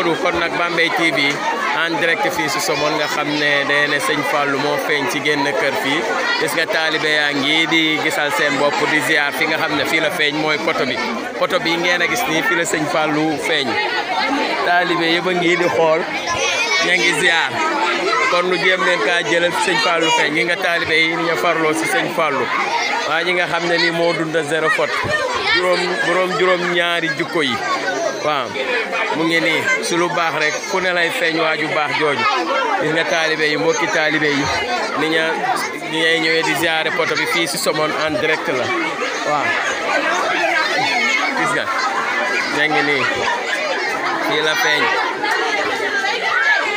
loolu kon nak Bambey TV en direct fi ci Somone nga xam feng Seigne ne sëñ Fallou ci genn kër fi gis nga taalibe yaa ngi di gisal seen bop di ziar fi nga xam fi la feñ moy photo bi photo bi ngeena gis ni fi la Seigne Fallou feñ taalibe yeba a ngi di xol ña ngi ziar kon lu jëm len ka jëlal Fallou feñ nga yi ñu farlo ci Seigne Fallou wa ñi nga ni mo dund zéro faute ñaari jukko yi waaw mu ngi nii su lu baax rek ku ne lay feeñ waaju baax jooju gis nga taalibe yi mbokki taalibe yi ni ña ni ñay ñëwee di ziare poto bi fii si Somone en direct la waaw gis nga yaa ngi nii fii la feeñ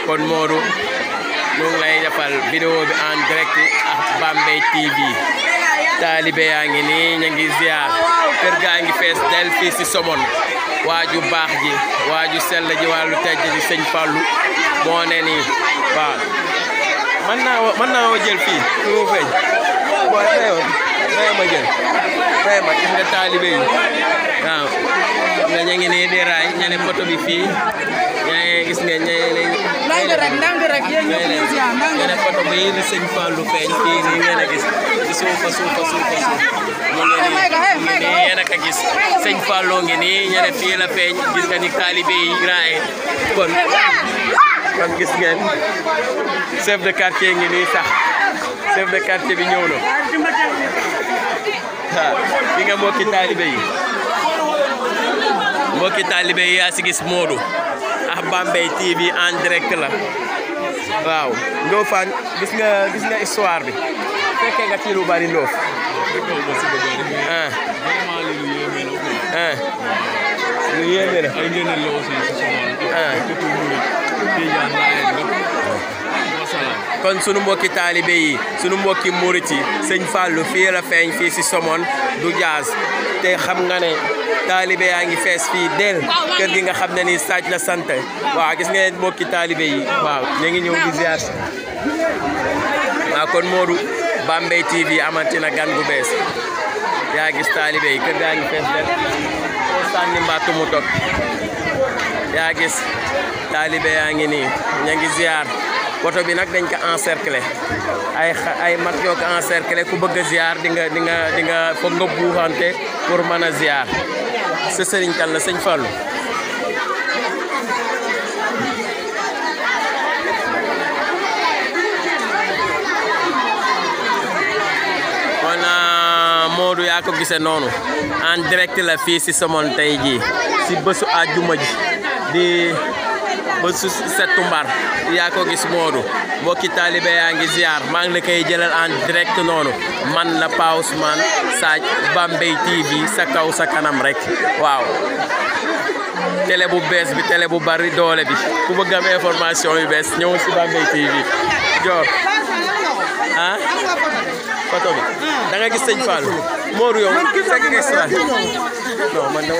kon Modou ñu ngi lay defal vidéo bi en direct ak Bambey TV taalibe yaa ngi nii ña ngi ziar kër gaa ngi fees del fii si Somone waju bax ji waju sel ji walu tejj ji sëñ Fallu moo ne nii waaw mën naa mën naa jël fii fi mu feeñ booy mayoon may ma jël may ma ci nga talibé yi na ñi ngi ni di raay ñane photo bi fi ñay gis nga ñay lay ndànk rek ndànk rek yéen nee na photo bi li sëñ Fallou feeñ fii nii ngeen gis ci suufa suufa suufa suuf mu ngi nii mu gis ni kon kon gis ngeen chef de quartier ngi nii sax chef de quartier bi ñëw na mau kita nga mbokki taalibe yi mbokki taalibe yi TV waaw Ndofane gis nga gis nga histoire bi fekkee nga ci lu bari Ndof. ah. ah. kon sunu mbokki taalibe sunu mbokki murit yi sëñ Fallou fii la feeñ fii si Somone du Diaz te xam nga talibé ya ngi fess fi del keur gi nga xamné ni Sadj la santé waaw gis nga bokki talibé yi waaw ñi ngi di ziar ma kon Modou Bambey TV amanti na gan gu bes ya gis talibé yi keur gañu fess del koo sànni mbattu mu tok ya gis talibé ya ngi ni ñi ngi ziar woto bi nak dañ ko encercler ay ay mat yo ko encercler ku bëgg ziar di nga di nga di nga fo nga buuxante pour mëna ziar sa sëriñ kan la sëñ Fallou kon Modou yaa ko gise noonu en direct la fii si Somone tey jii si bésu àjjuma ji di ba su settu mbar yaa ko gis moodu mbokki taalibe yaa ngi ziar maa ngi la koy jëlal en direct noonu man la Pa Ousmane Sadji Bambey TV sa kaw sa kanam rek waaw tele bu bees bi tele bu bari doole bi ku bëgg am information yu bees ñëw si Bambey TV joor ah photo bi da gis sëñ Fallou Modou yow fekk extra non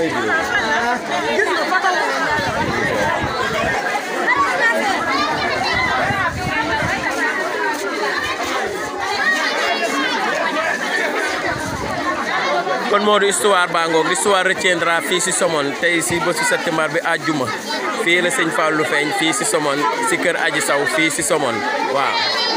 kon Modou histoire baa ngoog l'histoire retiendra fii si Somone tey si bésu septembre bi àjjuma fii la sëñ Fallou feeñ fii si Somone si kër Adji saw fii si Somone waaw